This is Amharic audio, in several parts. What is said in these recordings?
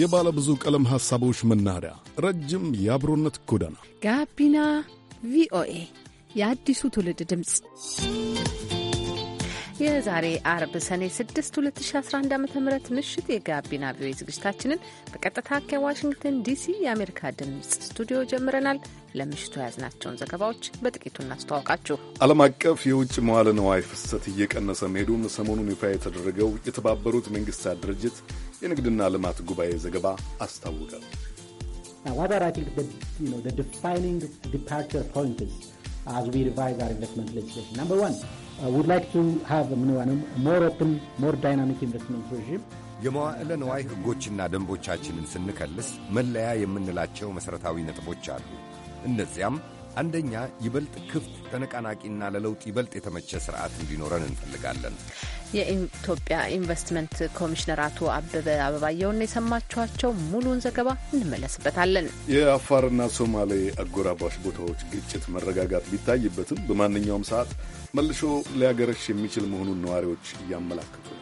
የባለ ብዙ ቀለም ሐሳቦች መናኸሪያ፣ ረጅም የአብሮነት ጎዳና፣ ጋቢና ቪኦኤ የአዲሱ ትውልድ ድምፅ። የዛሬ አርብ ሰኔ 6 2011 ዓ ም ምሽት የጋቢና ቪኦኤ ዝግጅታችንን በቀጥታ ከዋሽንግተን ዲሲ የአሜሪካ ድምፅ ስቱዲዮ ጀምረናል። ለምሽቱ የያዝናቸውን ዘገባዎች በጥቂቱ እናስተዋውቃችሁ። ዓለም አቀፍ የውጭ መዋለ ነዋይ ፍሰት እየቀነሰ መሄዱን ሰሞኑን ይፋ የተደረገው የተባበሩት መንግስታት ድርጅት የንግድና ልማት ጉባኤ ዘገባ አስታወቀ። የመዋዕለ ነዋይ ሕጎችና ደንቦቻችንን ስንከልስ መለያ የምንላቸው መሠረታዊ ነጥቦች አሉ። እነዚያም አንደኛ ይበልጥ ክፍት ተነቃናቂና ለለውጥ ይበልጥ የተመቸ ስርዓት እንዲኖረን እንፈልጋለን። የኢትዮጵያ ኢንቨስትመንት ኮሚሽነር አቶ አበበ አበባየውን የሰማችኋቸው። ሙሉውን ዘገባ እንመለስበታለን። የአፋርና ሶማሌ አጎራባሽ ቦታዎች ግጭት መረጋጋት ቢታይበትም በማንኛውም ሰዓት መልሶ ሊያገረሽ የሚችል መሆኑን ነዋሪዎች እያመላከቱ ነው።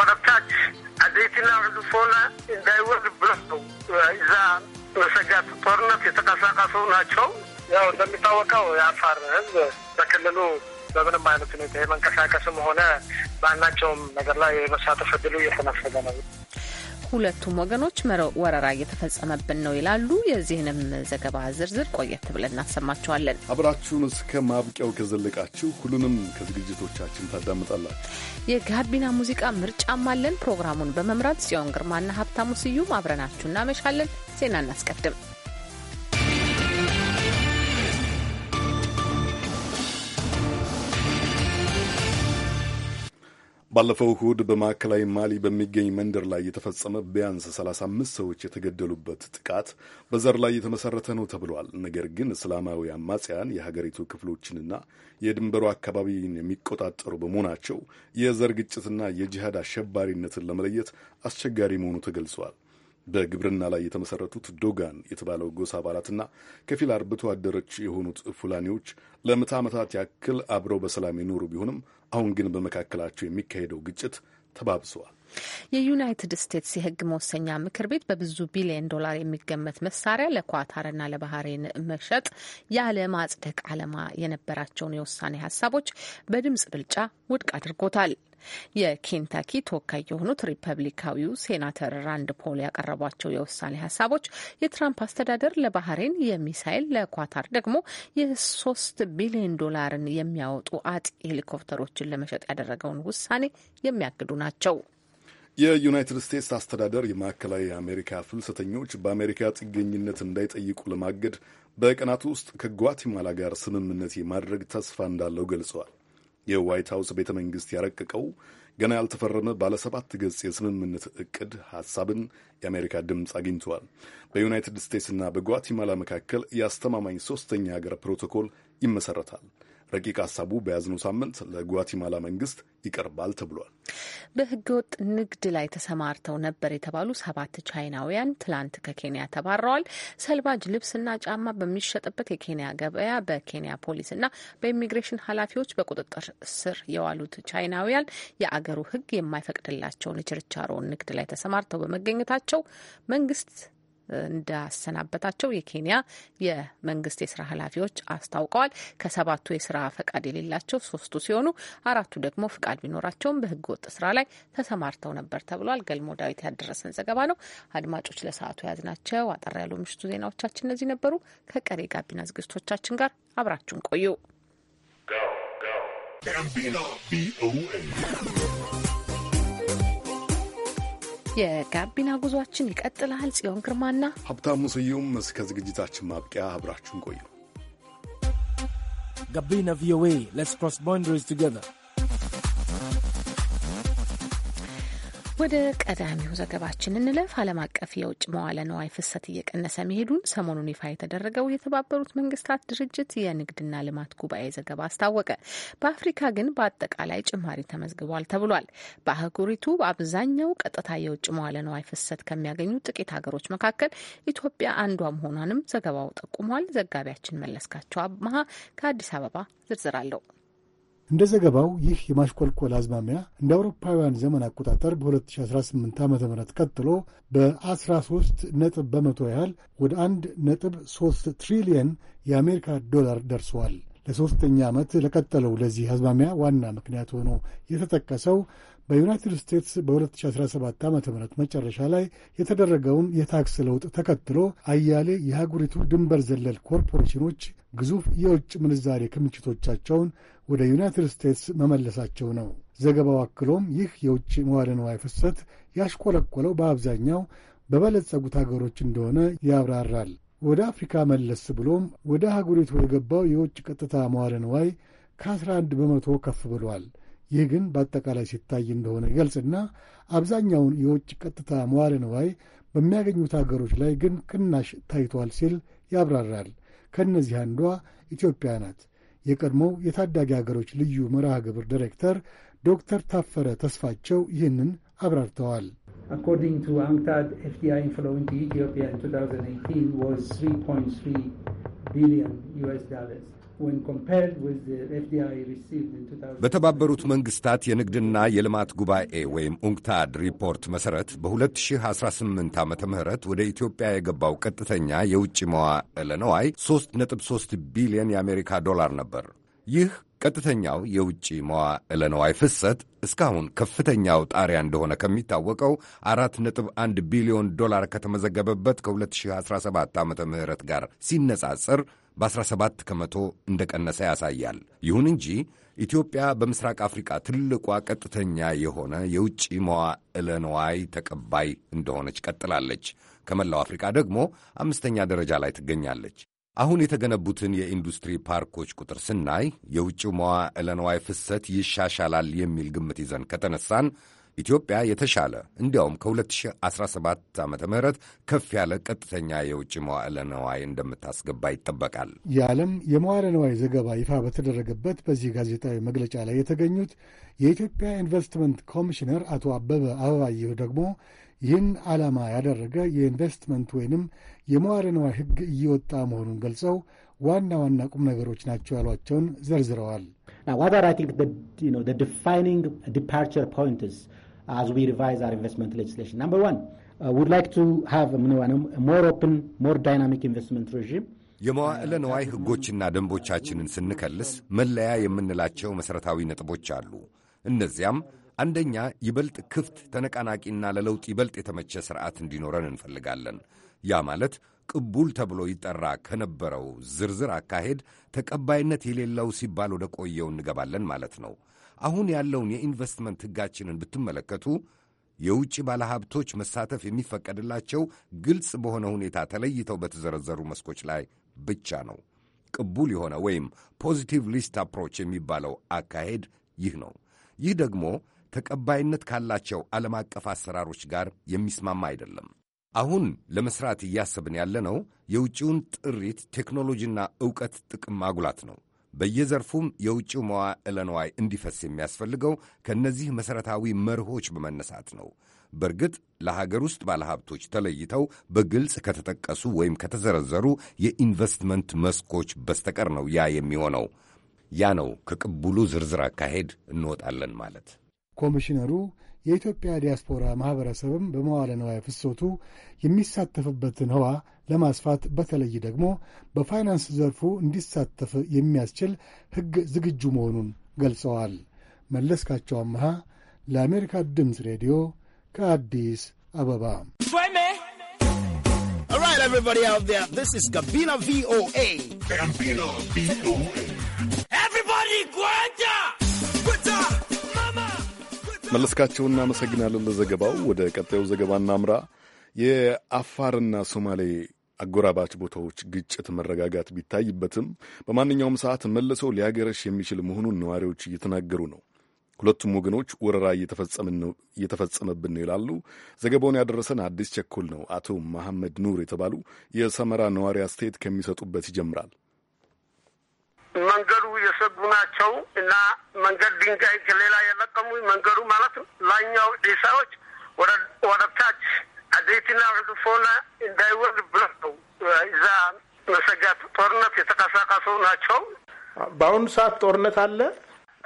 ወደታች አዴትና ሆነ እንዳይወርድ ብሎ ነው እዛ በስጋት ጦርነት የተቀሳቀሱ ናቸው። ያው እንደሚታወቀው የአፋር ህዝብ በክልሉ በምንም አይነት ሁኔታ የመንቀሳቀስም ሆነ ባናቸውም ነገር ላይ የመሳተፍ እድሉ እየተነፈገ ነው። በሁለቱም ወገኖች ወረራ እየተፈጸመብን ነው ይላሉ። የዚህንም ዘገባ ዝርዝር ቆየት ብለን እናሰማችኋለን። አብራችሁን እስከ ማብቂያው ከዘለቃችሁ ሁሉንም ከዝግጅቶቻችን ታዳምጣላችሁ። የጋቢና ሙዚቃ ምርጫም አለን። ፕሮግራሙን በመምራት ጽዮን ግርማና ሀብታሙ ስዩም አብረናችሁ እናመሻለን። ዜና እናስቀድም። ባለፈው እሁድ በማዕከላዊ ማሊ በሚገኝ መንደር ላይ የተፈጸመ ቢያንስ 35 ሰዎች የተገደሉበት ጥቃት በዘር ላይ የተመሠረተ ነው ተብሏል። ነገር ግን እስላማዊ አማጽያን የሀገሪቱ ክፍሎችንና የድንበሩ አካባቢን የሚቆጣጠሩ በመሆናቸው የዘር ግጭትና የጂሃድ አሸባሪነትን ለመለየት አስቸጋሪ መሆኑ ተገልጿል። በግብርና ላይ የተመሰረቱት ዶጋን የተባለው ጎሳ አባላትና ከፊል አርብቶ አደሮች የሆኑት ፉላኔዎች ለምዕተ ዓመታት ያክል አብረው በሰላም የኖሩ ቢሆንም አሁን ግን በመካከላቸው የሚካሄደው ግጭት ተባብሰዋል። የዩናይትድ ስቴትስ የሕግ መወሰኛ ምክር ቤት በብዙ ቢሊዮን ዶላር የሚገመት መሳሪያ ለኳታርና ለባህሬን መሸጥ ያለ ማጽደቅ ዓላማ የነበራቸውን የውሳኔ ሀሳቦች በድምጽ ብልጫ ውድቅ አድርጎታል። የኬንታኪ ተወካይ የሆኑት ሪፐብሊካዊው ሴናተር ራንድ ፖል ያቀረቧቸው የውሳኔ ሀሳቦች የትራምፕ አስተዳደር ለባህሬን የሚሳይል ለኳታር ደግሞ የሶስት ቢሊዮን ዶላርን የሚያወጡ አጥ ሄሊኮፕተሮችን ለመሸጥ ያደረገውን ውሳኔ የሚያግዱ ናቸው። የዩናይትድ ስቴትስ አስተዳደር የማዕከላዊ አሜሪካ ፍልሰተኞች በአሜሪካ ጥገኝነት እንዳይጠይቁ ለማገድ በቀናት ውስጥ ከጓቲማላ ጋር ስምምነት የማድረግ ተስፋ እንዳለው ገልጸዋል። የዋይት ሀውስ ቤተ መንግስት ያረቀቀው ገና ያልተፈረመ ባለ ሰባት ገጽ የስምምነት እቅድ ሀሳብን የአሜሪካ ድምፅ አግኝተዋል። በዩናይትድ ስቴትስና በጓቲማላ መካከል የአስተማማኝ ሶስተኛ ሀገር ፕሮቶኮል ይመሰረታል። ረቂቅ ሀሳቡ በያዝነው ሳምንት ለጓቲማላ መንግስት ይቀርባል ተብሏል። ወጥ ንግድ ላይ ተሰማርተው ነበር የተባሉ ሰባት ቻይናውያን ትላንት ከኬንያ ተባረዋል። ሰልባጅ ልብስና ጫማ በሚሸጥበት የኬንያ ገበያ በኬንያ ፖሊስና በኢሚግሬሽን ኃላፊዎች በቁጥጥር ስር የዋሉት ቻይናውያን የአገሩ ህግ የማይፈቅድላቸውን የችርቻሮ ንግድ ላይ ተሰማርተው በመገኘታቸው መንግስት እንዳሰናበታቸው የኬንያ የመንግስት የስራ ኃላፊዎች አስታውቀዋል። ከሰባቱ የስራ ፈቃድ የሌላቸው ሶስቱ ሲሆኑ አራቱ ደግሞ ፍቃድ ቢኖራቸውም በህገ ወጥ ስራ ላይ ተሰማርተው ነበር ተብሏል። ገልሞ ዳዊት ያደረሰን ዘገባ ነው። አድማጮች ለሰዓቱ የያዝናቸው አጠር ያሉ ምሽቱ ዜናዎቻችን እነዚህ ነበሩ። ከቀሬ ጋቢና ዝግጅቶቻችን ጋር አብራችሁን ቆዩ። የጋቢና ጉዟችን ይቀጥላል። ጽዮን ግርማና ሀብታሙ ስዩም እስከ ዝግጅታችን ማብቂያ አብራችሁን ቆዩ። ጋቢና ቪኦኤ ሌትስ ክሮስ ቦንደሪስ ቱጌዘር ወደ ቀዳሚው ዘገባችን እንለፍ። ዓለም አቀፍ የውጭ መዋለ ነዋይ ፍሰት እየቀነሰ መሄዱን ሰሞኑን ይፋ የተደረገው የተባበሩት መንግስታት ድርጅት የንግድና ልማት ጉባኤ ዘገባ አስታወቀ። በአፍሪካ ግን በአጠቃላይ ጭማሪ ተመዝግቧል ተብሏል። በአህጉሪቱ በአብዛኛው ቀጥታ የውጭ መዋለ ነዋይ ፍሰት ከሚያገኙ ጥቂት ሀገሮች መካከል ኢትዮጵያ አንዷ መሆኗንም ዘገባው ጠቁሟል። ዘጋቢያችን መለስካቸው አማሃ ከአዲስ አበባ ዝርዝር አለው። እንደ ዘገባው ይህ የማሽቆልቆል አዝማሚያ እንደ አውሮፓውያን ዘመን አቆጣጠር በ2018 ዓ ም ቀጥሎ በ13 ነጥብ በመቶ ያህል ወደ 1 ነጥብ 3 ትሪሊየን የአሜሪካ ዶላር ደርሰዋል። ለሦስተኛ ዓመት ለቀጠለው ለዚህ አዝማሚያ ዋና ምክንያት ሆኖ የተጠቀሰው በዩናይትድ ስቴትስ በ2017 ዓ ም መጨረሻ ላይ የተደረገውን የታክስ ለውጥ ተከትሎ አያሌ የሀጉሪቱ ድንበር ዘለል ኮርፖሬሽኖች ግዙፍ የውጭ ምንዛሬ ክምችቶቻቸውን ወደ ዩናይትድ ስቴትስ መመለሳቸው ነው። ዘገባው አክሎም ይህ የውጭ መዋለ ንዋይ ፍሰት ያሽቆለቆለው በአብዛኛው በበለጸጉት ሀገሮች እንደሆነ ያብራራል። ወደ አፍሪካ መለስ ብሎም ወደ አህጉሪቱ የገባው የውጭ ቀጥታ መዋለ ንዋይ ከ11 በመቶ ከፍ ብሏል። ይህ ግን በአጠቃላይ ሲታይ እንደሆነ ይገልጽና አብዛኛውን የውጭ ቀጥታ መዋለ ንዋይ በሚያገኙት ሀገሮች ላይ ግን ቅናሽ ታይቷል ሲል ያብራራል። ከእነዚህ አንዷ ኢትዮጵያ ናት። የቀድሞው የታዳጊ ሀገሮች ልዩ መርሃ ግብር ዲሬክተር ዶክተር ታፈረ ተስፋቸው ይህንን አብራርተዋል። According to UNCTAD, FDI inflow into Ethiopia in 2018 was 3.3 billion US dollars. በተባበሩት መንግሥታት የንግድና የልማት ጉባኤ ወይም ኡንክታድ ሪፖርት መሠረት በ2018 ዓ ም ወደ ኢትዮጵያ የገባው ቀጥተኛ የውጭ መዋዕለ ነዋይ 3.3 ቢሊዮን የአሜሪካ ዶላር ነበር። ይህ ቀጥተኛው የውጭ መዋዕለ ነዋይ ፍሰት እስካሁን ከፍተኛው ጣሪያ እንደሆነ ከሚታወቀው 4.1 ቢሊዮን ዶላር ከተመዘገበበት ከ2017 ዓ ም ጋር ሲነጻጽር በ17 ከመቶ እንደቀነሰ ያሳያል። ይሁን እንጂ ኢትዮጵያ በምስራቅ አፍሪቃ ትልቋ ቀጥተኛ የሆነ የውጭ መዋዕለ ንዋይ ተቀባይ እንደሆነች ቀጥላለች። ከመላው አፍሪቃ ደግሞ አምስተኛ ደረጃ ላይ ትገኛለች። አሁን የተገነቡትን የኢንዱስትሪ ፓርኮች ቁጥር ስናይ የውጭ መዋዕለ ንዋይ ፍሰት ይሻሻላል የሚል ግምት ይዘን ከተነሳን ኢትዮጵያ የተሻለ እንዲያውም ከ2017 ዓ ም ከፍ ያለ ቀጥተኛ የውጭ መዋዕለ ነዋይ እንደምታስገባ ይጠበቃል። የዓለም የመዋዕለ ነዋይ ዘገባ ይፋ በተደረገበት በዚህ ጋዜጣዊ መግለጫ ላይ የተገኙት የኢትዮጵያ ኢንቨስትመንት ኮሚሽነር አቶ አበበ አበባየሁ ደግሞ ይህን ዓላማ ያደረገ የኢንቨስትመንት ወይንም የመዋዕለ ነዋይ ሕግ እየወጣ መሆኑን ገልጸው ዋና ዋና ቁም ነገሮች ናቸው ያሏቸውን ዘርዝረዋል። የመዋዕለ ነዋይ ህጎችና ደንቦቻችንን ስንከልስ መለያ የምንላቸው መሠረታዊ ነጥቦች አሉ። እነዚያም አንደኛ፣ ይበልጥ ክፍት ተነቃናቂና ለለውጥ ይበልጥ የተመቸ ሥርዓት እንዲኖረን እንፈልጋለን። ያ ማለት ቅቡል ተብሎ ይጠራ ከነበረው ዝርዝር አካሄድ ተቀባይነት የሌለው ሲባል ወደ ቆየው እንገባለን ማለት ነው። አሁን ያለውን የኢንቨስትመንት ሕጋችንን ብትመለከቱ የውጭ ባለሀብቶች መሳተፍ የሚፈቀድላቸው ግልጽ በሆነ ሁኔታ ተለይተው በተዘረዘሩ መስኮች ላይ ብቻ ነው። ቅቡል የሆነ ወይም ፖዚቲቭ ሊስት አፕሮች የሚባለው አካሄድ ይህ ነው። ይህ ደግሞ ተቀባይነት ካላቸው ዓለም አቀፍ አሰራሮች ጋር የሚስማማ አይደለም። አሁን ለመስራት እያሰብን ያለነው የውጭውን ጥሪት ቴክኖሎጂና ዕውቀት ጥቅም ማጉላት ነው። በየዘርፉም የውጭው መዋዕለ ንዋይ እንዲፈስ የሚያስፈልገው ከእነዚህ መሠረታዊ መርሆች በመነሳት ነው። በእርግጥ ለሀገር ውስጥ ባለሀብቶች ተለይተው በግልጽ ከተጠቀሱ ወይም ከተዘረዘሩ የኢንቨስትመንት መስኮች በስተቀር ነው ያ የሚሆነው። ያ ነው ከቅቡሉ ዝርዝር አካሄድ እንወጣለን ማለት። ኮሚሽነሩ የኢትዮጵያ ዲያስፖራ ማኅበረሰብም በመዋለ ነዋይ ፍሰቱ የሚሳተፍበትን ህዋ ለማስፋት በተለይ ደግሞ በፋይናንስ ዘርፉ እንዲሳተፍ የሚያስችል ሕግ ዝግጁ መሆኑን ገልጸዋል። መለስካቸው አመሃ ለአሜሪካ ድምፅ ሬዲዮ ከአዲስ አበባ All right, everybody out there, this is Gabina VOA. Gabina VOA. መለስካቸው እናመሰግናለን ለዘገባው። ወደ ቀጣዩ ዘገባ እናምራ። የአፋርና ሶማሌ አጎራባች ቦታዎች ግጭት መረጋጋት ቢታይበትም በማንኛውም ሰዓት መልሰው ሊያገረሽ የሚችል መሆኑን ነዋሪዎች እየተናገሩ ነው። ሁለቱም ወገኖች ወረራ እየተፈጸመብን ነው ይላሉ። ዘገባውን ያደረሰን አዲስ ቸኮል ነው። አቶ መሐመድ ኑር የተባሉ የሰመራ ነዋሪ አስተያየት ከሚሰጡበት ይጀምራል። መንገዱ የሰጉ ናቸው እና መንገድ ድንጋይ ከሌላ የለቀሙ መንገዱ ማለት ነው። ላይኛው ዴሳዎች ወደ ታች አዴትና ርድፎና እንዳይወርድ ብለው እዛ መሰጋት ጦርነት የተቀሳቀሱ ናቸው። በአሁኑ ሰዓት ጦርነት አለ።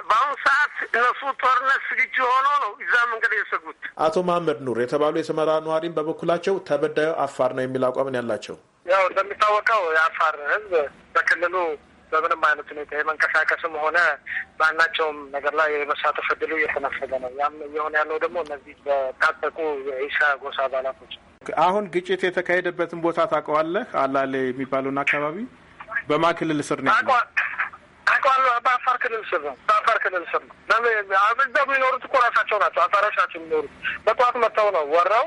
በአሁኑ ሰዓት እነሱ ጦርነት ዝግጁ ሆኖ ነው እዛ መንገድ የሰጉት። አቶ መሀመድ ኑር የተባሉ የሰመራ ነዋሪም በበኩላቸው ተበዳዩ አፋር ነው የሚል አቋምን ያላቸው ያው እንደሚታወቀው የአፋር ህዝብ በክልሉ በምንም አይነት ሁኔታ የመንቀሳቀስም ሆነ በአናቸውም ነገር ላይ የመሳተፍ እድሉ እየተነፈገ ነው። ያም እየሆነ ያለው ደግሞ እነዚህ በታጠቁ የኢሳ ጎሳ አባላቶች። አሁን ግጭት የተካሄደበትን ቦታ ታውቀዋለህ? አላሌ የሚባለውን አካባቢ በማ ክልል ስር ነው ያለው? በአፋር ክልል ስር ነው። በአፋር ክልል ስር ነው። በዛ የሚኖሩት እኮ ራሳቸው ናቸው። አፋሮች ናቸው የሚኖሩት። በጠዋት መጥተው ነው ወረው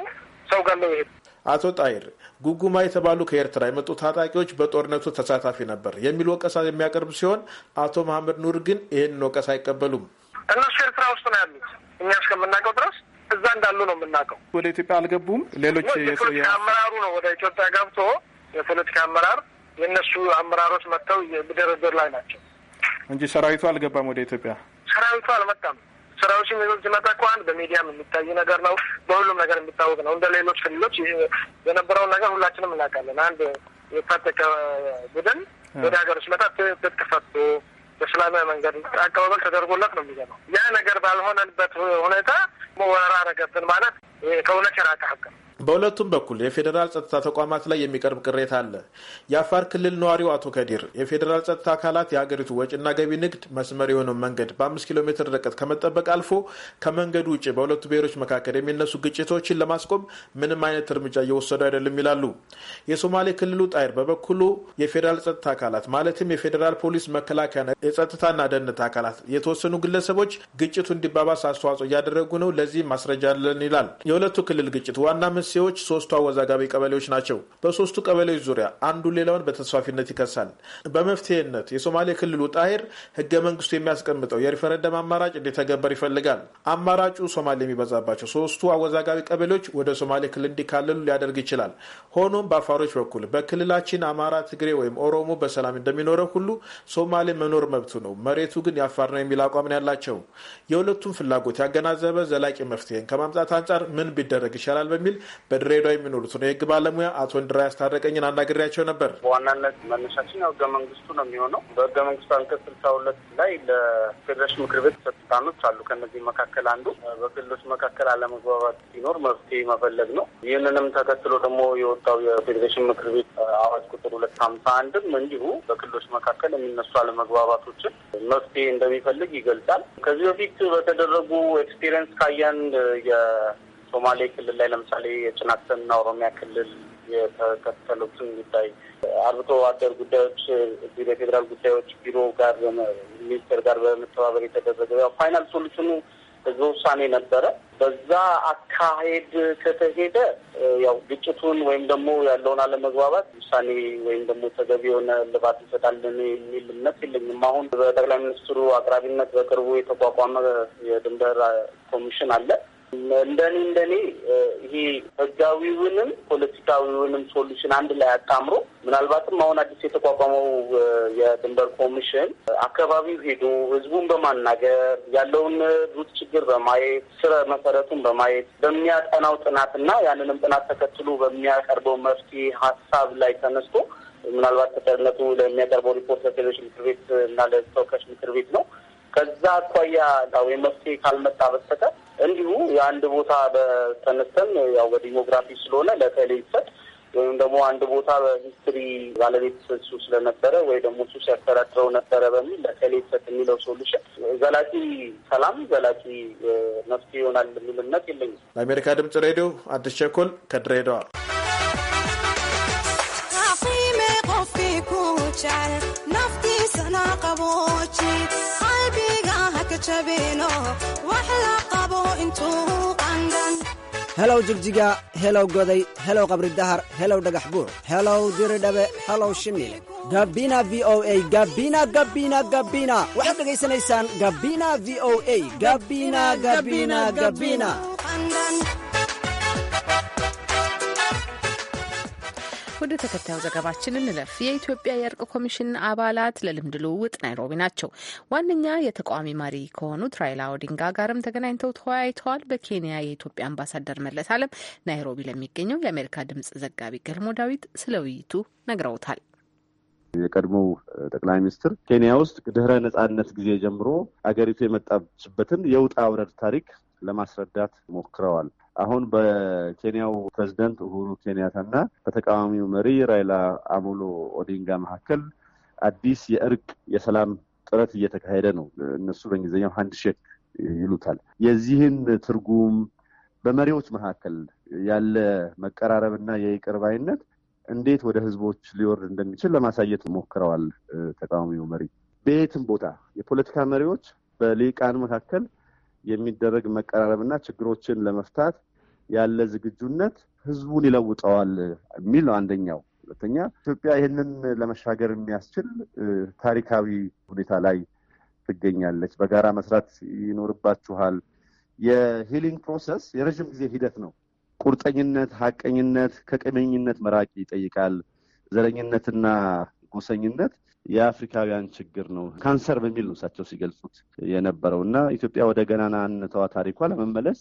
ሰው ገለው ይሄዱ አቶ ጣይር ጉጉማ የተባሉ ከኤርትራ የመጡ ታጣቂዎች በጦርነቱ ተሳታፊ ነበር የሚል ወቀሳ የሚያቀርብ ሲሆን አቶ መሀመድ ኑር ግን ይህንን ወቀሳ አይቀበሉም። እነሱ ኤርትራ ውስጥ ነው ያሉት። እኛ እስከምናውቀው ድረስ እዛ እንዳሉ ነው የምናውቀው። ወደ ኢትዮጵያ አልገቡም። ሌሎች የፖለቲካ አመራሩ ነው ወደ ኢትዮጵያ ገብቶ የፖለቲካ አመራር የእነሱ አመራሮች መጥተው በድርድር ላይ ናቸው እንጂ ሰራዊቱ አልገባም ወደ ኢትዮጵያ። ሰራዊቱ አልመጣም። ስራዎች የሚሉት ሲመጣ እኮ አንድ በሚዲያም የሚታይ ነገር ነው። በሁሉም ነገር የሚታወቅ ነው። እንደ ሌሎች ክልሎች የነበረውን ነገር ሁላችንም እናውቃለን። አንድ የታጠቀ ቡድን ወደ ሀገሮች መጣ ትጥቅ ፈቶ በሰላማዊ መንገድ አቀባበል ተደርጎለት ነው የሚገባው። ያ ነገር ባልሆነበት ሁኔታ ወረራ ነገርትን ማለት ከእውነት የራቀ ሀቅ በሁለቱም በኩል የፌዴራል ጸጥታ ተቋማት ላይ የሚቀርብ ቅሬታ አለ። የአፋር ክልል ነዋሪው አቶ ከዲር የፌዴራል ጸጥታ አካላት የሀገሪቱ ወጪና ገቢ ንግድ መስመር የሆነው መንገድ በአምስት ኪሎ ሜትር ርቀት ከመጠበቅ አልፎ ከመንገዱ ውጭ በሁለቱ ብሔሮች መካከል የሚነሱ ግጭቶችን ለማስቆም ምንም አይነት እርምጃ እየወሰዱ አይደለም ይላሉ። የሶማሌ ክልሉ ጣይር በበኩሉ የፌዴራል ጸጥታ አካላት ማለትም የፌዴራል ፖሊስ፣ መከላከያና የጸጥታና ደህንነት አካላት የተወሰኑ ግለሰቦች ግጭቱ እንዲባባስ አስተዋጽኦ እያደረጉ ነው፣ ለዚህም ማስረጃ አለን ይላል። የሁለቱ ክልል ግጭት ዋና መንስኤ መንስኤዎች ሶስቱ አወዛጋቢ ቀበሌዎች ናቸው። በሶስቱ ቀበሌዎች ዙሪያ አንዱ ሌላውን በተስፋፊነት ይከሳል። በመፍትሄነት የሶማሌ ክልሉ ጣሄር ህገ መንግስቱ የሚያስቀምጠው የሪፈረንደም አማራጭ እንዲተገበር ይፈልጋል። አማራጩ ሶማሌ የሚበዛባቸው ሶስቱ አወዛጋቢ ቀበሌዎች ወደ ሶማሌ ክልል እንዲካለሉ ሊያደርግ ይችላል። ሆኖም በአፋሮች በኩል በክልላችን አማራ፣ ትግሬ ወይም ኦሮሞ በሰላም እንደሚኖረው ሁሉ ሶማሌ መኖር መብቱ ነው፣ መሬቱ ግን ያፋር ነው የሚል አቋም ነው ያላቸው። የሁለቱም ፍላጎት ያገናዘበ ዘላቂ መፍትሄን ከማምጣት አንጻር ምን ቢደረግ ይሻላል በሚል በድሬዳዋ የሚኖሩትን የህግ ባለሙያ አቶ እንድራ ያስታረቀኝን አናግሬያቸው ነበር። በዋናነት መነሻችን ያው ህገ መንግስቱ ነው የሚሆነው። በህገ መንግስቱ አንቀጽ ስልሳ ሁለት ላይ ለፌዴሬሽን ምክር ቤት ስልጣኖች አሉ። ከነዚህ መካከል አንዱ በክልሎች መካከል አለመግባባት ሲኖር መፍትሄ መፈለግ ነው። ይህንንም ተከትሎ ደግሞ የወጣው የፌዴሬሽን ምክር ቤት አዋጅ ቁጥር ሁለት ሀምሳ አንድም እንዲሁ በክልሎች መካከል የሚነሱ አለመግባባቶችን መፍትሄ እንደሚፈልግ ይገልጻል። ከዚህ በፊት በተደረጉ ኤክስፔሪንስ ካያን ሶማሌ ክልል ላይ ለምሳሌ የጭናክሰንና ኦሮሚያ ክልል የተከተሉትን ጉዳይ አርብቶ አደር ጉዳዮች የፌዴራል ጉዳዮች ቢሮ ጋር ሚኒስቴር ጋር በመተባበር የተደረገ ያው ፋይናል ሶሉሽኑ ህዝበ ውሳኔ ነበረ። በዛ አካሄድ ከተሄደ ያው ግጭቱን ወይም ደግሞ ያለውን አለመግባባት ውሳኔ ወይም ደግሞ ተገቢ የሆነ ልባት ይሰጣልን የሚል እምነት የለኝም። አሁን በጠቅላይ ሚኒስትሩ አቅራቢነት በቅርቡ የተቋቋመ የድንበር ኮሚሽን አለ። እንደኔ እንደኔ ይሄ ህጋዊውንም ፖለቲካዊውንም ሶሉሽን አንድ ላይ አጣምሮ ምናልባትም አሁን አዲስ የተቋቋመው የድንበር ኮሚሽን አካባቢው ሄዶ ህዝቡን በማናገር ያለውን ሩት ችግር በማየት ስረ መሰረቱን በማየት በሚያጠናው ጥናትና ያንንም ጥናት ተከትሎ በሚያቀርበው መፍትሄ ሀሳብ ላይ ተነስቶ ምናልባት ተጠርነቱ ለሚያቀርበው ሪፖርት ለፌዴሬሽን ምክር ቤት እና ለተወካዮች ምክር ቤት ነው ከዛ አኳያ ወይም መፍትሄ ካልመጣ በስተቀር እንዲሁ የአንድ ቦታ በተነስተን ያው በዲሞግራፊ ስለሆነ ለተለይ ይሰጥ ወይም ደግሞ አንድ ቦታ በሂስትሪ ባለቤት እሱ ስለነበረ ወይ ደግሞ እሱ ሲያስተዳድረው ነበረ በሚል ለከሌ ይሰጥ የሚለው ሶሉሽን ዘላቂ ሰላም ዘላቂ መፍትሄ ይሆናል የሚል እምነት የለኝም። ለአሜሪካ ድምጽ ሬዲዮ አዲስ ቸኮል ከድሬዳዋ። ናፍቲ ሰና ቀቦች helow jigjiga helow goday helow qabri dahar helow dhagax buur helow diridhabe helow shimiil gabina v o a gabina gabina gabina waxaad dhegaysanaysaan gabina v o a gabina gabina gabina ወደ ተከታዩ ዘገባችን እንለፍ። የኢትዮጵያ የእርቅ ኮሚሽን አባላት ለልምድ ልውውጥ ናይሮቢ ናቸው። ዋነኛ የተቃዋሚ መሪ ከሆኑት ራይላ ኦዲንጋ ጋርም ተገናኝተው ተወያይተዋል። በኬንያ የኢትዮጵያ አምባሳደር መለስ አለም ናይሮቢ ለሚገኘው የአሜሪካ ድምጽ ዘጋቢ ገልሞ ዳዊት ስለ ውይይቱ ነግረውታል። የቀድሞው ጠቅላይ ሚኒስትር ኬንያ ውስጥ ድህረ ነጻነት ጊዜ ጀምሮ አገሪቱ የመጣችበትን የውጣ ውረድ ታሪክ ለማስረዳት ሞክረዋል። አሁን በኬንያው ፕሬዚደንት ኡሁሩ ኬንያታና በተቃዋሚው መሪ ራይላ አሞሎ ኦዲንጋ መካከል አዲስ የእርቅ የሰላም ጥረት እየተካሄደ ነው። እነሱ በእንግሊዝኛው አንድ ሼክ ይሉታል። የዚህን ትርጉም በመሪዎች መካከል ያለ መቀራረብና የይቅር ባይነት እንዴት ወደ ህዝቦች ሊወርድ እንደሚችል ለማሳየት ሞክረዋል። ተቃዋሚው መሪ በየትም ቦታ የፖለቲካ መሪዎች በሊቃን መካከል የሚደረግ መቀራረብና ችግሮችን ለመፍታት ያለ ዝግጁነት ህዝቡን ይለውጠዋል የሚል ነው አንደኛው። ሁለተኛ ኢትዮጵያ ይህንን ለመሻገር የሚያስችል ታሪካዊ ሁኔታ ላይ ትገኛለች። በጋራ መስራት ይኖርባችኋል። የሂሊንግ ፕሮሰስ የረዥም ጊዜ ሂደት ነው። ቁርጠኝነት፣ ሀቀኝነት፣ ከቀመኝነት መራቅ ይጠይቃል። ዘረኝነትና ጎሰኝነት የአፍሪካውያን ችግር ነው፣ ካንሰር በሚል ነው እሳቸው ሲገልጹት የነበረው እና ኢትዮጵያ ወደ ገናናነተዋ ታሪኳ ለመመለስ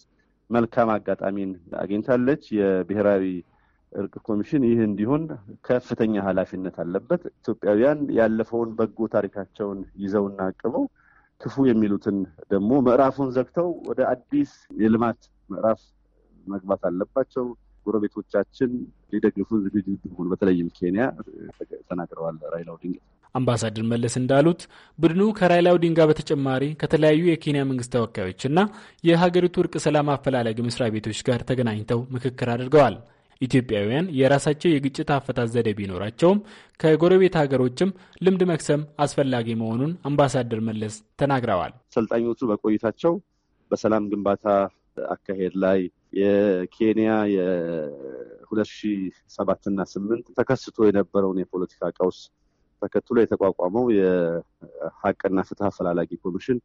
መልካም አጋጣሚን አግኝታለች። የብሔራዊ እርቅ ኮሚሽን ይህ እንዲሆን ከፍተኛ ኃላፊነት አለበት። ኢትዮጵያውያን ያለፈውን በጎ ታሪካቸውን ይዘውና አቅበው ክፉ የሚሉትን ደግሞ ምዕራፉን ዘግተው ወደ አዲስ የልማት ምዕራፍ መግባት አለባቸው። ጎረቤቶቻችን ሊደግፉን ዝግጁ ሆኑ፣ በተለይም ኬንያ ተናግረዋል ራይላ ኦዲንጋ። አምባሳደር መለስ እንዳሉት ቡድኑ ከራይላ ኦዲንጋ በተጨማሪ ከተለያዩ የኬንያ መንግስት ተወካዮችና የሀገሪቱ እርቅ ሰላም አፈላለግ መስሪያ ቤቶች ጋር ተገናኝተው ምክክር አድርገዋል። ኢትዮጵያውያን የራሳቸው የግጭት አፈታት ዘዴ ቢኖራቸውም ከጎረቤት ሀገሮችም ልምድ መክሰም አስፈላጊ መሆኑን አምባሳደር መለስ ተናግረዋል። ሰልጣኞቹ በቆይታቸው በሰላም ግንባታ አካሄድ ላይ የኬንያ የሁለት ሺህ ሰባትና ስምንት ተከስቶ የነበረውን የፖለቲካ ቀውስ ተከትሎ የተቋቋመው የሀቅና ፍትህ አፈላላጊ ኮሚሽን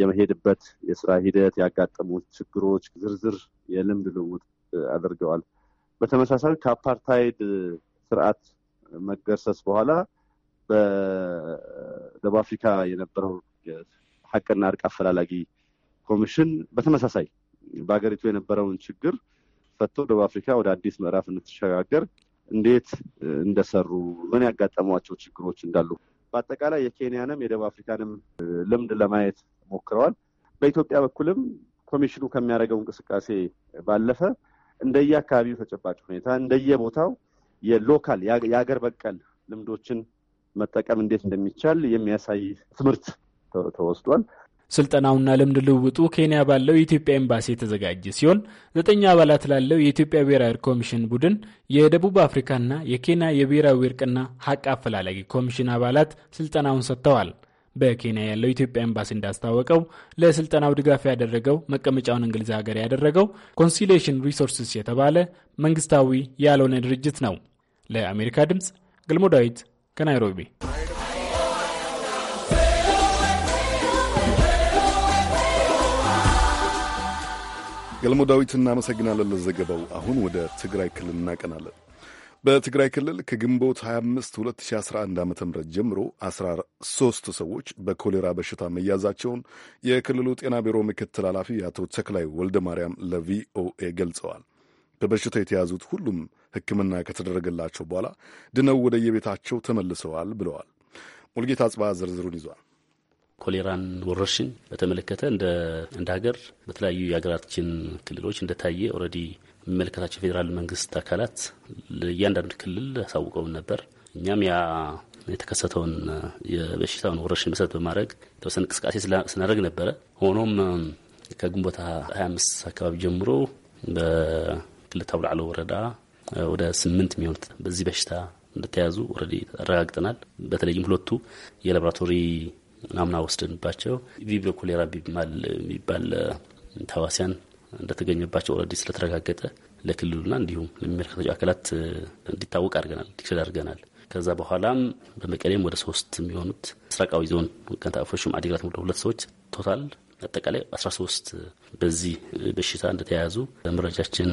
የመሄድበት የስራ ሂደት ያጋጠሙ ችግሮች ዝርዝር የልምድ ልውውጥ አድርገዋል። በተመሳሳይ ከአፓርታይድ ስርዓት መገርሰስ በኋላ በደቡብ አፍሪካ የነበረው ሀቅና እርቅ አፈላላጊ ኮሚሽን በተመሳሳይ በሀገሪቱ የነበረውን ችግር ፈቶ ደቡብ አፍሪካ ወደ አዲስ ምዕራፍ እንድትሸጋገር እንዴት እንደሰሩ፣ ምን ያጋጠሟቸው ችግሮች እንዳሉ በአጠቃላይ የኬንያንም የደቡብ አፍሪካንም ልምድ ለማየት ሞክረዋል። በኢትዮጵያ በኩልም ኮሚሽኑ ከሚያደርገው እንቅስቃሴ ባለፈ እንደየ አካባቢው ተጨባጭ ሁኔታ እንደየቦታው የሎካል የአገር በቀል ልምዶችን መጠቀም እንዴት እንደሚቻል የሚያሳይ ትምህርት ተወስዷል። ስልጠናውና ልምድ ልውውጡ ኬንያ ባለው የኢትዮጵያ ኤምባሲ የተዘጋጀ ሲሆን ዘጠኝ አባላት ላለው የኢትዮጵያ ብሔራዊ እርቅ ኮሚሽን ቡድን የደቡብ አፍሪካና የኬንያ የብሔራዊ እርቅና ሀቅ አፈላላጊ ኮሚሽን አባላት ስልጠናውን ሰጥተዋል። በኬንያ ያለው ኢትዮጵያ ኤምባሲ እንዳስታወቀው ለስልጠናው ድጋፍ ያደረገው መቀመጫውን እንግሊዝ ሀገር ያደረገው ኮንሲሌሽን ሪሶርስስ የተባለ መንግስታዊ ያልሆነ ድርጅት ነው። ለአሜሪካ ድምፅ ገልሞ ዳዊት ከናይሮቢ ገልሞ ዳዊት እናመሰግናለን ለዘገባው። አሁን ወደ ትግራይ ክልል እናቀናለን። በትግራይ ክልል ከግንቦት 25 2011 ዓ ም ጀምሮ 13 ሰዎች በኮሌራ በሽታ መያዛቸውን የክልሉ ጤና ቢሮ ምክትል ኃላፊ አቶ ተክላይ ወልደ ማርያም ለቪኦኤ ገልጸዋል። በበሽታ የተያዙት ሁሉም ሕክምና ከተደረገላቸው በኋላ ድነው ወደ የቤታቸው ተመልሰዋል ብለዋል። ሙልጌታ አጽባ ዝርዝሩን ይዟል። ኮሌራን ወረርሽኝ በተመለከተ እንደ ሀገር በተለያዩ የሀገራችን ክልሎች እንደታየ ኦልሬዲ የሚመለከታቸው የፌዴራል መንግስት አካላት ለእያንዳንዱ ክልል አሳውቀውን ነበር። እኛም ያ የተከሰተውን የበሽታውን ወረርሽኝ መሰረት በማድረግ የተወሰነ እንቅስቃሴ ስናደርግ ነበረ። ሆኖም ከግንቦት 25 አካባቢ ጀምሮ በክልል ታውላዕሎ ወረዳ ወደ ስምንት የሚሆኑት በዚህ በሽታ እንደተያዙ ኦልሬዲ አረጋግጠናል። በተለይም ሁለቱ የላቦራቶሪ አምና ወስደንባቸው ቪብሪዮ ኮሌራ ቢማል የሚባል ተዋሲያን እንደተገኘባቸው ኦልሬዲ ስለተረጋገጠ ለክልሉና እንዲሁም ለሚመለከታቸው አካላት እንዲታወቅ አድርገናል፣ እንዲችል አድርገናል። ከዛ በኋላም በመቀሌም ወደ ሶስት የሚሆኑት ምስራቃዊ ዞን ከንታፎሽም አዲግራት ወደ ሁለት ሰዎች ቶታል አጠቃላይ 13 በዚህ በሽታ እንደተያያዙ መረጃችን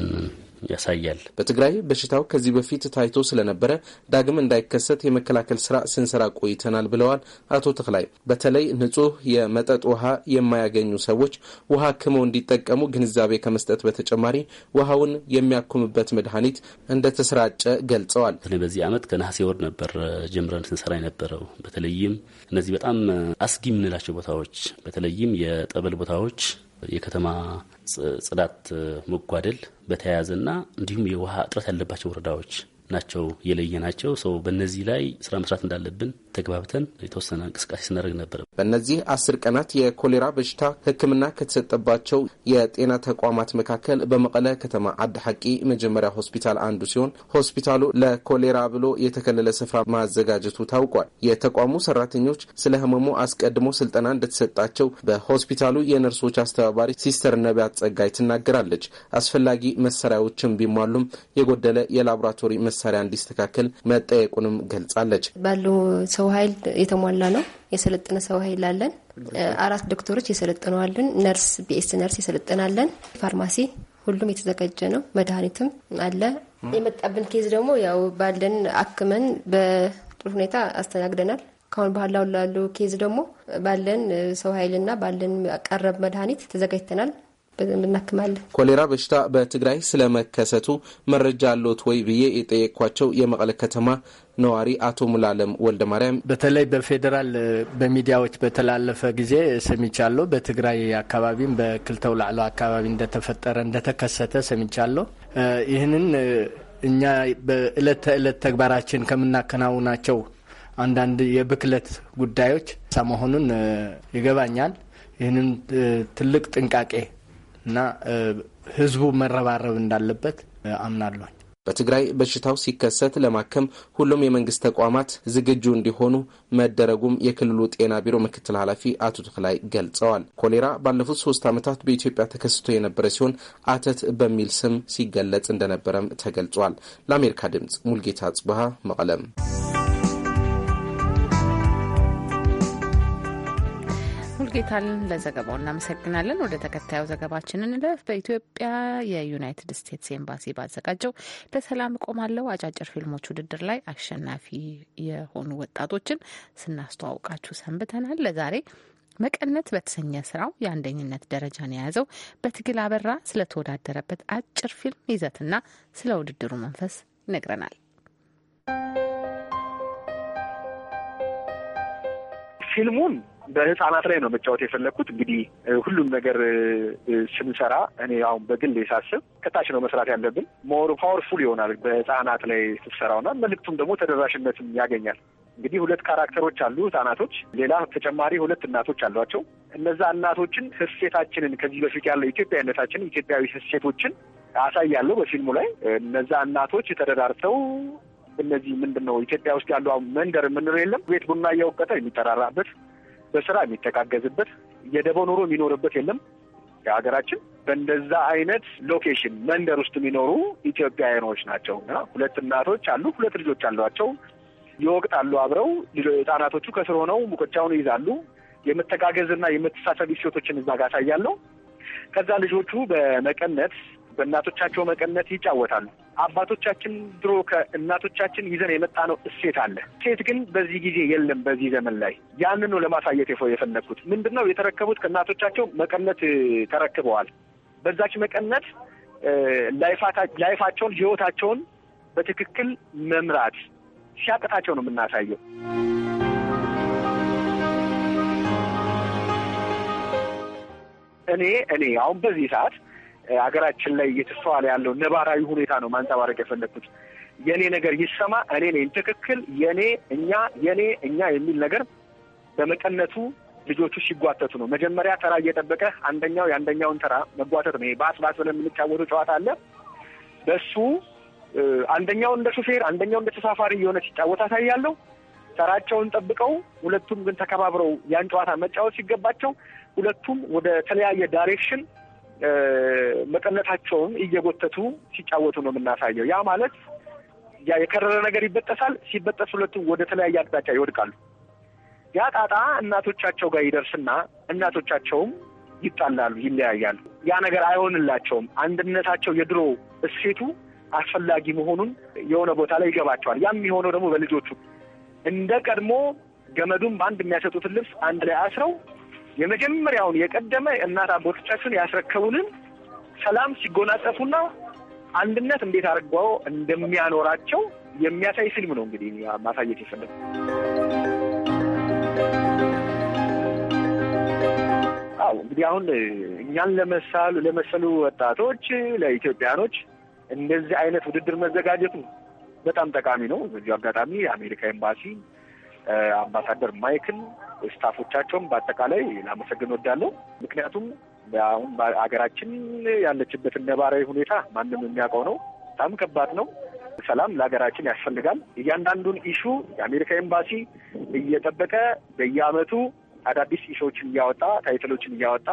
ያሳያል። በትግራይ በሽታው ከዚህ በፊት ታይቶ ስለነበረ ዳግም እንዳይከሰት የመከላከል ስራ ስንሰራ ቆይተናል ብለዋል አቶ ተክላይ። በተለይ ንጹህ የመጠጥ ውሃ የማያገኙ ሰዎች ውሃ ክመው እንዲጠቀሙ ግንዛቤ ከመስጠት በተጨማሪ ውሃውን የሚያኩምበት መድኃኒት እንደተሰራጨ ገልጸዋል። በዚህ ዓመት ከነሐሴ ወር ነበር ጀምረን ስንሰራ የነበረው። በተለይም እነዚህ በጣም አስጊ የምንላቸው ቦታዎች በተለይም የጠበል ቦታዎች የከተማ ጽዳት መጓደል በተያያዘና እንዲሁም የውሃ እጥረት ያለባቸው ወረዳዎች ናቸው የለየ ናቸው። ሰው በእነዚህ ላይ ስራ መስራት እንዳለብን ተግባብተን የተወሰነ እንቅስቃሴ ስናደርግ ነበር። በእነዚህ አስር ቀናት የኮሌራ በሽታ ሕክምና ከተሰጠባቸው የጤና ተቋማት መካከል በመቀለ ከተማ አዲ ሐቂ መጀመሪያ ሆስፒታል አንዱ ሲሆን ሆስፒታሉ ለኮሌራ ብሎ የተከለለ ስፍራ ማዘጋጀቱ ታውቋል። የተቋሙ ሰራተኞች ስለ ህመሙ አስቀድሞ ስልጠና እንደተሰጣቸው በሆስፒታሉ የነርሶች አስተባባሪ ሲስተር ነቢያት ጸጋይ ትናገራለች። አስፈላጊ መሳሪያዎችን ቢሟሉም የጎደለ የላቦራቶሪ መሳሪያ እንዲስተካከል መጠየቁንም ገልጻለች። ሰው ኃይል የተሟላ ነው። የሰለጠነ ሰው ኃይል አለን። አራት ዶክተሮች የሰለጠነዋለን። ነርስ፣ ቢኤስ ነርስ የሰለጠናለን። ፋርማሲ ሁሉም የተዘጋጀ ነው። መድኃኒትም አለ። የመጣብን ኬዝ ደግሞ ያው ባለን አክመን በጥሩ ሁኔታ አስተናግደናል። ካሁን በኋላ ላሉ ኬዝ ደግሞ ባለን ሰው ኃይልና ባለን ቀረብ መድኃኒት ተዘጋጅተናል። በደንብ እናክማለን። ኮሌራ በሽታ በትግራይ ስለመከሰቱ መረጃ አለዎት ወይ ብዬ የጠየቅኳቸው የመቀለ ከተማ ነዋሪ አቶ ሙላለም ወልደ ማርያም በተለይ በፌዴራል በሚዲያዎች በተላለፈ ጊዜ ሰምቻለሁ። በትግራይ አካባቢም በክልተው ላዕሎ አካባቢ እንደተፈጠረ እንደተከሰተ ሰምቻለሁ። ይህንን እኛ በእለት ተዕለት ተግባራችን ከምናከናውናቸው አንዳንድ የብክለት ጉዳዮች መሆኑን ይገባኛል። ይህንን ትልቅ ጥንቃቄ እና ህዝቡ መረባረብ እንዳለበት አምናለሁ። በትግራይ በሽታው ሲከሰት ለማከም ሁሉም የመንግስት ተቋማት ዝግጁ እንዲሆኑ መደረጉም የክልሉ ጤና ቢሮ ምክትል ኃላፊ አቶ ተክላይ ገልጸዋል። ኮሌራ ባለፉት ሶስት ዓመታት በኢትዮጵያ ተከስቶ የነበረ ሲሆን አተት በሚል ስም ሲገለጽ እንደነበረም ተገልጿል። ለአሜሪካ ድምጽ ሙልጌታ ጽብሃ መቀለም ሙልጌታን ለዘገባው እናመሰግናለን። ወደ ተከታዩ ዘገባችን እንለፍ። በኢትዮጵያ የዩናይትድ ስቴትስ ኤምባሲ ባዘጋጀው ለሰላም እቆማለሁ አጫጭር ፊልሞች ውድድር ላይ አሸናፊ የሆኑ ወጣቶችን ስናስተዋውቃችሁ ሰንብተናል። ለዛሬ መቀነት በተሰኘ ስራው የአንደኝነት ደረጃን የያዘው በትግል አበራ ስለተወዳደረበት አጭር ፊልም ይዘትና ስለ ውድድሩ መንፈስ ይነግረናል። ፊልሙን በህጻናት ላይ ነው መጫወት የፈለግኩት። እንግዲህ ሁሉም ነገር ስንሰራ እኔ አሁን በግል የሳስብ ከታች ነው መስራት ያለብን። ሞር ፓወርፉል ይሆናል በህፃናት ላይ ስትሰራውና መልዕክቱም ደግሞ ተደራሽነትም ያገኛል። እንግዲህ ሁለት ካራክተሮች አሉ ህጻናቶች። ሌላ ተጨማሪ ሁለት እናቶች አሏቸው። እነዛ እናቶችን ህሴታችንን ከዚህ በፊት ያለው ኢትዮጵያዊነታችንን፣ ኢትዮጵያዊ ህሴቶችን አሳያለሁ በፊልሙ ላይ እነዛ እናቶች ተደራርተው እነዚህ ምንድን ነው ኢትዮጵያ ውስጥ ያሉ መንደር የምንለው የለም ቤት ቡና እያወቀጠ የሚጠራራበት በስራ የሚተጋገዝበት የደቦ ኑሮ የሚኖርበት የለም። የሀገራችን በእንደዛ አይነት ሎኬሽን መንደር ውስጥ የሚኖሩ ኢትዮጵያውያኖች ናቸው እና ሁለት እናቶች አሉ፣ ሁለት ልጆች አሏቸው፣ የወቅት አሉ አብረው። ህጻናቶቹ ከስር ሆነው ሙቀጫውን ይይዛሉ። የመተጋገዝና የመተሳሰብ እሴቶችን እዛ ጋር አሳያለሁ። ከዛ ልጆቹ በመቀነት በእናቶቻቸው መቀነት ይጫወታሉ። አባቶቻችን ድሮ ከእናቶቻችን ይዘን የመጣነው እሴት አለ። ሴት ግን በዚህ ጊዜ የለም። በዚህ ዘመን ላይ ያንን ነው ለማሳየት የፈለግኩት። ምንድን ነው የተረከቡት? ከእናቶቻቸው መቀነት ተረክበዋል። በዛች መቀነት ላይፋቸውን ህይወታቸውን በትክክል መምራት ሲያቅታቸው ነው የምናሳየው። እኔ እኔ አሁን በዚህ ሰዓት ሀገራችን ላይ እየተስተዋለ ያለው ነባራዊ ሁኔታ ነው ማንጸባረቅ የፈለግኩት። የእኔ ነገር ይሰማ፣ እኔ ነኝ ትክክል፣ የኔ እኛ፣ የኔ እኛ የሚል ነገር በመቀነቱ ልጆቹ ሲጓተቱ ነው። መጀመሪያ ተራ እየጠበቀ አንደኛው የአንደኛውን ተራ መጓተት ነው። ይሄ ባስ ባስ ብለን የምንጫወተው ጨዋታ አለ። በሱ አንደኛው እንደ ሹፌር፣ አንደኛው እንደ ተሳፋሪ የሆነ ሲጫወት አሳያለሁ። ተራቸውን ጠብቀው ሁለቱም ግን ተከባብረው ያን ጨዋታ መጫወት ሲገባቸው ሁለቱም ወደ ተለያየ ዳይሬክሽን መቀነታቸውን እየጎተቱ ሲጫወቱ ነው የምናሳየው። ያ ማለት ያ የከረረ ነገር ይበጠሳል። ሲበጠስ ሁለቱ ወደ ተለያየ አቅጣጫ ይወድቃሉ። ያ ጣጣ እናቶቻቸው ጋር ይደርስና እናቶቻቸውም ይጣላሉ፣ ይለያያሉ። ያ ነገር አይሆንላቸውም። አንድነታቸው የድሮ እሴቱ አስፈላጊ መሆኑን የሆነ ቦታ ላይ ይገባቸዋል። ያም የሚሆነው ደግሞ በልጆቹ እንደ ቀድሞ ገመዱን በአንድ የሚያሰጡትን ልብስ አንድ ላይ አስረው የመጀመሪያውን የቀደመ እናት አባቶቻችን ያስረከቡንን ሰላም ሲጎናጸፉና አንድነት እንዴት አድርገው እንደሚያኖራቸው የሚያሳይ ፊልም ነው። እንግዲህ ማሳየት የፈለግ አው እንግዲህ አሁን እኛን ለመሳሉ ለመሰሉ ወጣቶች ለኢትዮጵያኖች እንደዚህ አይነት ውድድር መዘጋጀቱ በጣም ጠቃሚ ነው። በዚሁ አጋጣሚ የአሜሪካ ኤምባሲ አምባሳደር ማይክን ስታፎቻቸውም በአጠቃላይ ላመሰግን ወዳለሁ። ምክንያቱም አሁን ሀገራችን ያለችበትን ነባራዊ ሁኔታ ማንም የሚያውቀው ነው። በጣም ከባድ ነው። ሰላም ለሀገራችን ያስፈልጋል። እያንዳንዱን ኢሹ የአሜሪካ ኤምባሲ እየጠበቀ በየአመቱ አዳዲስ ኢሾዎችን እያወጣ ታይትሎችን እያወጣ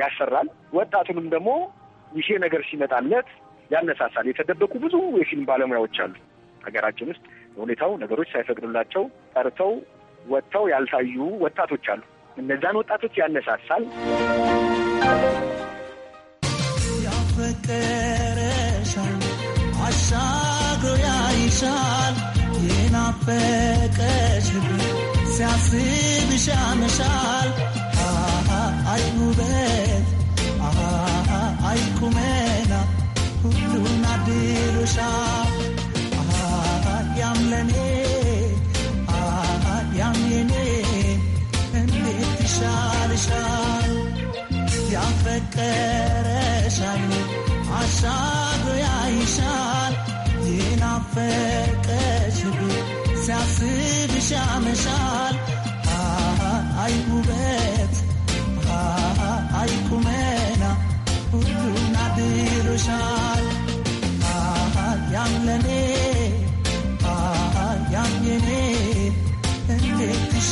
ያሰራል። ወጣቱንም ደግሞ ይሄ ነገር ሲመጣለት ያነሳሳል። የተደበቁ ብዙ የፊልም ባለሙያዎች አሉ ሀገራችን ውስጥ ሁኔታው ነገሮች ሳይፈቅዱላቸው ጠርተው ወጥተው ያልታዩ ወጣቶች አሉ። እነዛን ወጣቶች ያነሳሳል። ያፈቀረሻል አሻግሮ ያይሻል የናፈቀሽ ሲያስብሽ ያመሻል አይ ውበት አይ ሁሉን አድሎሻል ለኔ ያሜኔ እንዴት ይሻልሻል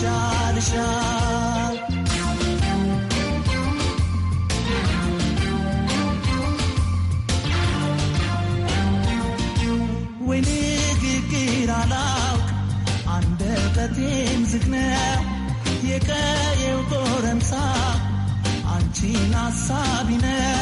شال شال ويني كير علاق عند بتيم زكنا يكا يوتورنسا አንቺን አሳቢነ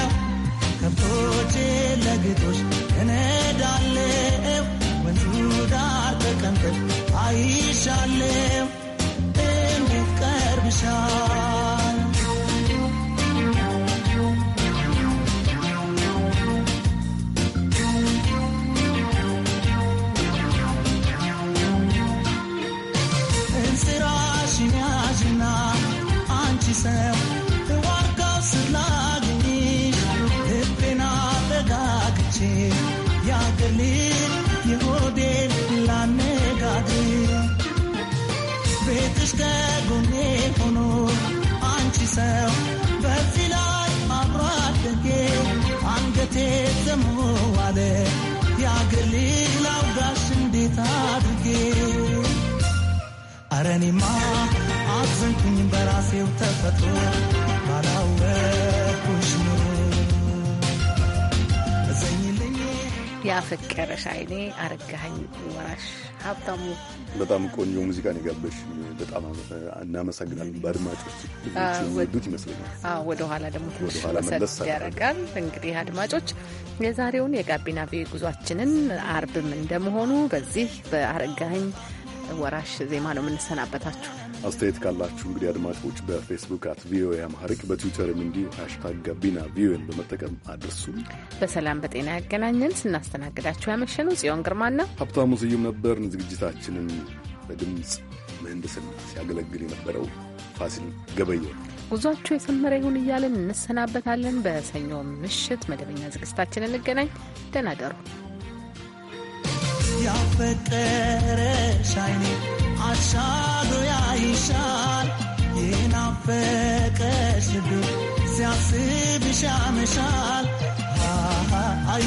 መጨረሻ አይኔ አረጋኝ ወራሽ ሀብታሙ በጣም ቆንጆ ሙዚቃን የጋበሽ። በጣም እናመሰግናለን። በአድማጮች ወዱት ይመስለኛል። ወደኋላ ደግሞ ትንሽ መለስ ያደርጋል። እንግዲህ አድማጮች የዛሬውን የጋቢና ቪ ጉዟችንን አርብም እንደመሆኑ በዚህ በአረጋኝ ወራሽ ዜማ ነው የምንሰናበታችሁ። አስተያየት ካላችሁ እንግዲህ አድማጮች በፌስቡክ አት ቪኦኤ አማሪክ በትዊተርም እንዲሁ ሃሽታግ ጋቢና ቪኦኤን በመጠቀም አድርሱ። በሰላም በጤና ያገናኘን። ስናስተናግዳችሁ ያመሸኑ ጽዮን ግርማና ሀብታሙ ስዩም ነበርን። ዝግጅታችንን በድምፅ ምህንድስና ሲያገለግል የነበረው ፋሲል ገበየ። ጉዟችሁ የሰመረ ይሁን እያለን እንሰናበታለን። በሰኞ ምሽት መደበኛ ዝግጅታችን እንገናኝ። ደህና ደሩ። አሻግሮ ያይሻል የናፈቀሽ ልብ ሲያስብሽ ያመሻል አዩ